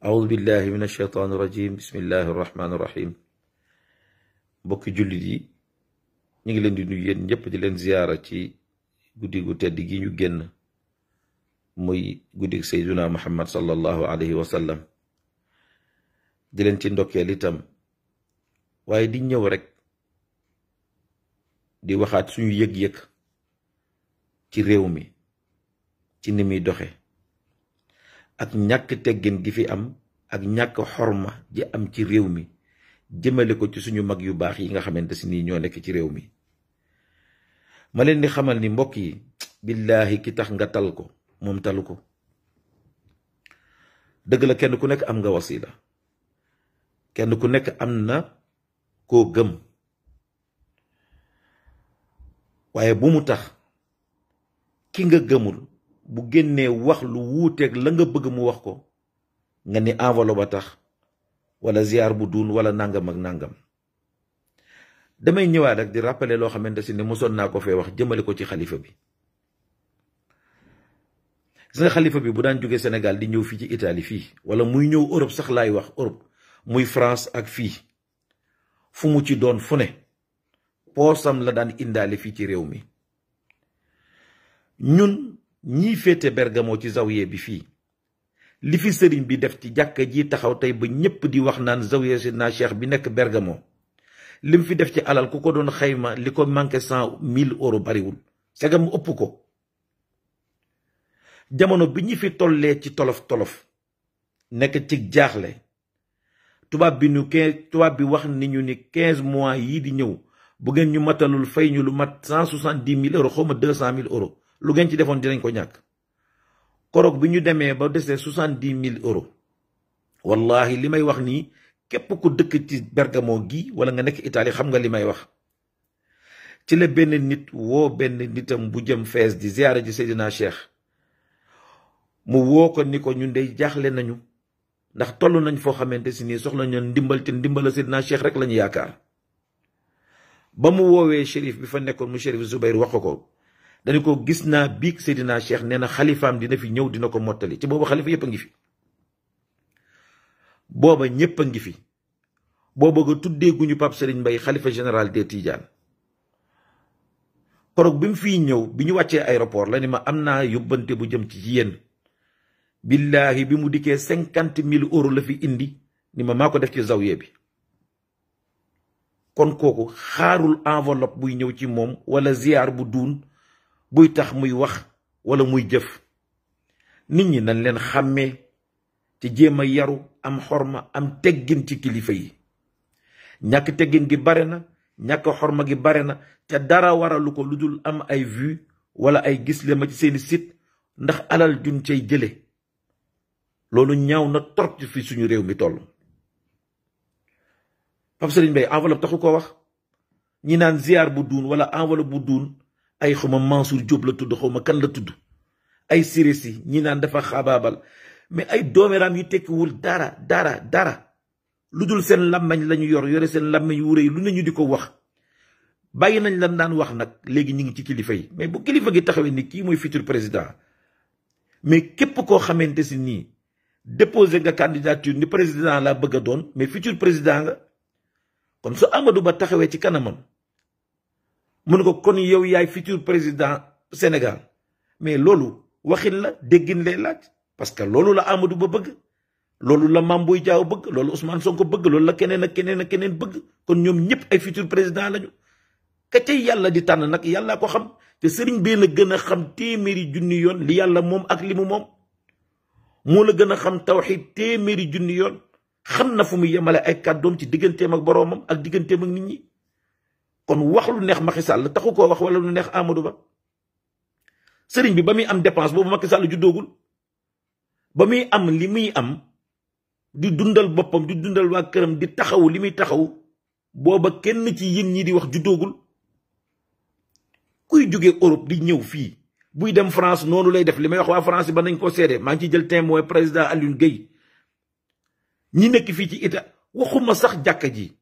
awuzu billahi min asheytaan irajim bismillahi irrahmani irrahim mbokki jullit yi ñu ngi leen di nuyu yéen ñëpp di leen ziyaara ci guddi gu tedd gi ñu génn muy guddig sayduna muhammad sallallahu alayhi wa sallam di leen ci ndokkeel itam waaye di ñëw rek di waxaat suñu yëg-yëg ci réew mi ci ni muy doxe ak ñàkk teggin gi fi am ak ñàkk xorma ji am ci réew mi jëmale ko ci suñu mag yu baax yi nga xamante nii ñoo nekk ci réew mi ma leen di xamal ni mbokk yi billaahi ki tax nga tal ko moom talu ko dëgg la kenn ku nekk am nga wasila kenn ku nekk am na koo gëm waaye bu mu tax ki nga gëmul bu génnee wax lu wuuteeg la nga bëgg mu wax ko nga ni enveloppe ba tax wala ziar bu duun wala nangam ak nangam damay ñëwaat rek di rappeler loo xamante si ne mosoon naa ko fee wax jëmale ko ci xalifa bi sa nga xalifa bi bu daan jógee senegal di ñëw fii ci Italie fii wala muy ñëw Europe sax laay wax Europe muy France ak fii fu mu ci doon fu ne poosam la daan indaale fii ci réew mi ñun ñii féete bergamo ci zawiye bi fii li fi sëriñ bi def ci jàkka ji taxaw tey ba ñépp di wax naan zawiye sidna cheikh bi nekk bergamo mu fi def ci alal ku ko doon xayma li ko manqué cent mille euro bariwul segam mu ëpp ko jamono bi ñu fi tollee ci tolof tolof nekk ci jaaxle tubaab bi ñu quinze tubaab bi wax ni ñu ni quinze mois yii di ñëw bu ngeen ñu matalul fay ñu lu mat cent soixante dix mille euros xaw deux cent mille euros lu ngeen ci defoon dinañ ko ñàkk koroog bi ñu demee ba desee soixante dix mille euros wallahi li may wax nii képp ku dëkk ci Bergamo gi wala nga nekk itali xam nga li may wax ci la benn nit woo benn nitam bu jëm fees di ziyaara ji Seydina Cheikh mu woo ko ni ko ñun dey jaaxle nañu ndax toll nañ foo xamante si nii soxla ñoon ndimbal te ndimbala Seydina Cheikh rek lañu yaakaar ba mu woowee shérif bi fa nekkoon mu shérif Zubair wax ko ko dañu ko gis naa biig Seydina Cheikh nee na xalifaam dina fi ñëw dina ko mottali ci booba xalifa yëpp a ngi fi booba ñépp a ngi fi booba nga tuddee gu ñu Pape Serigne xalifa général de Tidianes korog bi mu fiy ñëw bi ñu wàccee aéroport la ni ma am naa yóbbante bu jëm ci yéen billaahi bi mu dikkee cinquante mille euros la fi indi ni ma maa ko def ci zawiya bi kon kooku xaarul enveloppe buy ñëw ci moom wala ziar bu duun buy tax muy wax wala muy jëf nit ñi nañ leen xàmmee ci jéem a yaru am xorma am teggin ci kilifa yi ñàkk teggin gi bare na ñàkk ma gi bare na te dara waralu ko lu dul am ay vues wala ay gis le ma ci seeni site ndax alal juñ cay jële loolu ñaw na torop fi suñu réew mi toll Pape Serigne Mbaye enveloppe taxu ko wax ñi naan ziar bu duun wala enveloppe bu duun ay xuma Mansour Diop la tudd xuma kan la tudd ay siré si ñi naan dafa xaabaabal mais ay doomeraam yu tekkiwul dara dara dara lu dul seen làmmañ lañu yor yore seen làmmañ wu rëy lu ne ñu di ko wax bàyyi nañ lan daan wax nag léegi ñu ngi ci kilifa yi mais bu kilifa gi taxawee ni kii mooy futur président mais képp koo xamante si nii déposé nga candidature ni président laa bëgg a doon mais futur président nga kon su amadu Ba taxawee ci kanamam mu ne ko kon yow yaay futur président Sénégal mais loolu waxin la déggin lay laaj parce que loolu la Amadou Ba bëgg loolu la maam booy jaaw bëgg loolu Ousmane ko bëgg loolu la keneen ak keneen ak keneen bëgg kon ñoom ñëpp ay futur président lañu ka ca yàlla di tànn nag yàllaa ko xam te sëriñ bee la gën a xam téeméeri junni yoon li yàlla moom ak lii mu moom moo la gën a xam tawxiid téeméeri junni yoon xam na fu mu yemale ay kàddoom ci digganteem ak boroomam ak digganteem ak nit ñi kon wax lu neex Macky Sall taxu koo wax wala lu neex Amadou Ba sëriñ bi ba muy am dépense boobu Macky Sall juddoogul ba muy am li muy am di dundal boppam di dundal waa këram di taxaw li muy taxaw booba kenn ci yéen ñi di wax juddoogul kuy jóge Europe di ñëw fii buy dem France noonu lay def li may wax waa France ba nañ koo seede maa ngi ciy jël témoin président Alioune Guèye ñi nekk fii ci Ita waxuma sax jàkka ji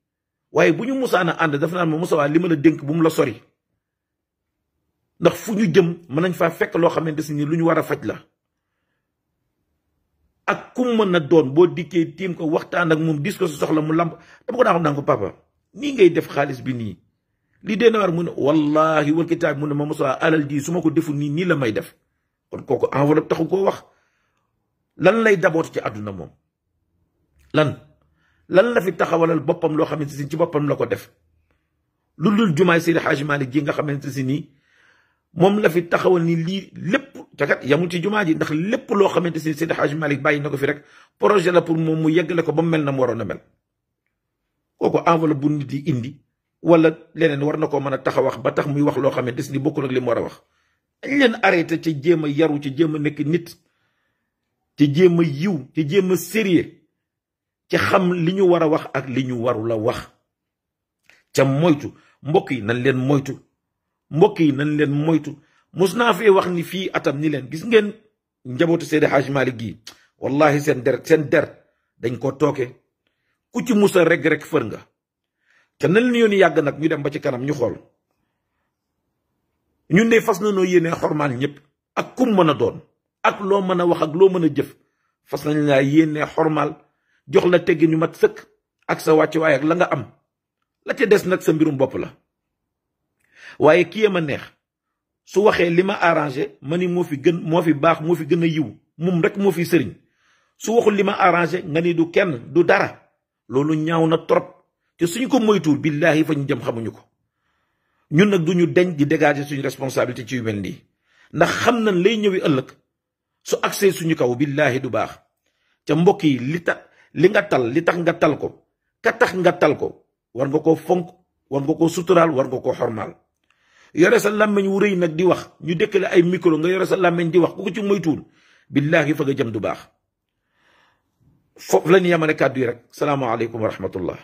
waaye bu ñu musaan a ànd dafa naan ma Moussa waa li ma la dénk bu mu la sori ndax fu ñu jëm mën nañ faa fekk loo xamante si ni lu ñu war a faj la ak ku mën a doon boo dikkee tiim ko waxtaan ak moom dis ko su soxla mu lamb dama ko daa xam naa ko papa nii ngay def xaalis bi nii li dee na war mu ne wallaahi wal kitaab mu ne ma Moussa alal ji su ma ko deful nii nii la may def kon kooku enveloppe taxu koo wax lan lay daboot ci àdduna moom lan lan la fi taxawalal boppam loo xamante ni ci boppam la ko def lu dul jumaay Seydi Hadji Malick ji nga xamante ni nii moom la fi taxawal ni lii lépp te kat ci jumaa ji ndax lépp loo xamante si Seydi Hadji Malick bàyyi na ko fi rek projet la pour moom mu yeggale ko ba mu mel na mu waroon mel kooku enveloppe bu nit di indi wala leneen war na koo mën a tax wax ba tax muy wax loo xamante si ni bokkul ak li mu war a wax dañ leen arrêté ci jéem a yaru ci jéem a nit ci jéem a yiw ci jéem a sérieux ci xam li ñu war a wax ak li ñu warul a wax ca moytu mbokk yi nañ leen moytu mbokk yi nañ leen moytu mus naa fee wax ni fii atam ni leen gis ngeen njabootu Seydi Hadj Malick gii wallahi seen der seen der dañ koo tooke ku ci musa rek rek fër nga te na leen yoon yàgg nag ñu dem ba ci kanam ñu xool ñun de fas na noo yéene xormaal ñëpp ak kum mën a doon ak loo mën a wax ak loo mën a jëf fas nañ laa yéene xormaal jox la teggin yu mat sëkk ak sa wàccuwaay ak la nga am la ca des nag sa mbirum bopp la waaye kii a neex su waxee li ma arrangé ma ni moo fi gën moo fi baax moo fi gën a yiw moom rek moo fi sëriñ su waxul li ma arrangé nga ni du kenn du dara loolu ñaaw na trop te suñu ko moytuwul billaahi fa ñu jëm xamuñu ko ñun nag duñu deñ di dégager suñu responsabilité ci yu mel nii ndax xam nañ lay ñëwi ëllëg su agsee suñu kaw billaahi du baax ca mbokk yi li ta li nga tal li tax nga tal ko ka tax nga tal ko war nga ko fonk war nga ko suturaal war nga ko xormaal yore sa làmmiñ wu rëy nag di wax ñu dëkkale ay micro nga yore sa làmmiñ di wax ko ko ci moytuwul billaahi fa nga jëm du baax foofu la ñu yemale kàddu yi rek salaamaaleykum wa rahmatullah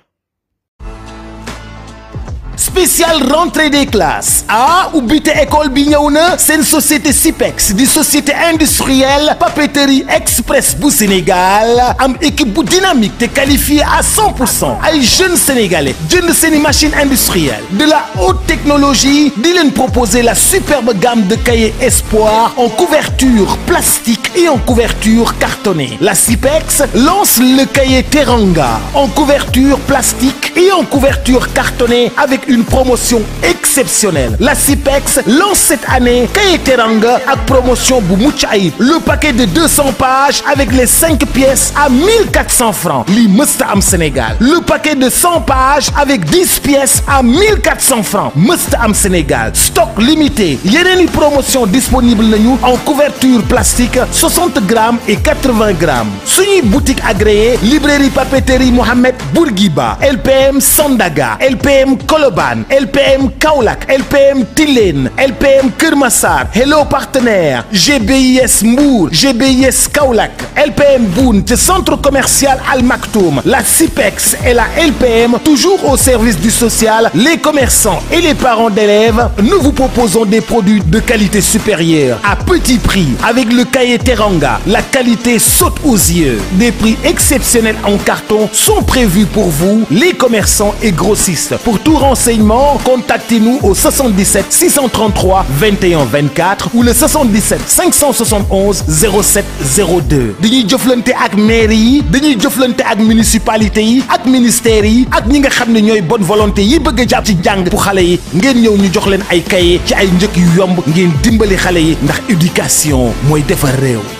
spécial rentrée des classes ah ubbite école bi ñëw na seen société SIPEX di société industrielle papeterie express bu Sénégal am équipe bu dynamique te qualifiée à 100 pour ay jeunes sénégalais jënd seen i machine industrielle de la haute technologie di leen proposer la superbe gamme de cahiers Espoir en couverture plastique et en couverture cartonnée la SIPEX lance le cahier Teranga en couverture plastique et en couverture cartonnée avec une promotion exceptionnelle la CIPEX lance cette année Kaye Teranga ak promotion bu mucc ayib le paquet de 200 pages avec les 5 pièces à 1400 francs lii mësta am Sénégal le paquet de 100 pages avec 10 pièces à 1400 francs mësta am Sénégal stock limité yeneen i promotion disponible nañu en couverture plastique 60 grammes et 80 grammes suñuy boutique agréée librairie papeterie Mohamed Bourguiba LPM Sandaga LPM Koloba Colobane LPM Kaolack LPM Tilène LPM Kër Massar Hello Partenaire GBIS Mbour GBIS Kaolack LPM Boune te centre commercial Al Maktoum la CIPEX et la LPM toujours au service du social les commerçants et les parents d'élèves nous vous proposons des produits de qualité supérieure à petit prix avec le cahier Teranga la qualité saute aux yeux des prix exceptionnels en carton sont prévus pour vous les commerçants et grossistes pour tout renseignement rapidement, contactez-nous au 77 633 21 24 ou le 77 571 07 02 dañuy jëflante ak mairie yi dañuy jëflante ak municipalité yi ak ministères yi ak ñi nga xam ne ñooy bonne volonte yi bëgg a jàpp ci jàng bu xale yi ngeen ñëw ñu jox leen ay cahier ci ay njëkk yu yomb ngeen dimbali xale yi ndax éducation mooy defar réew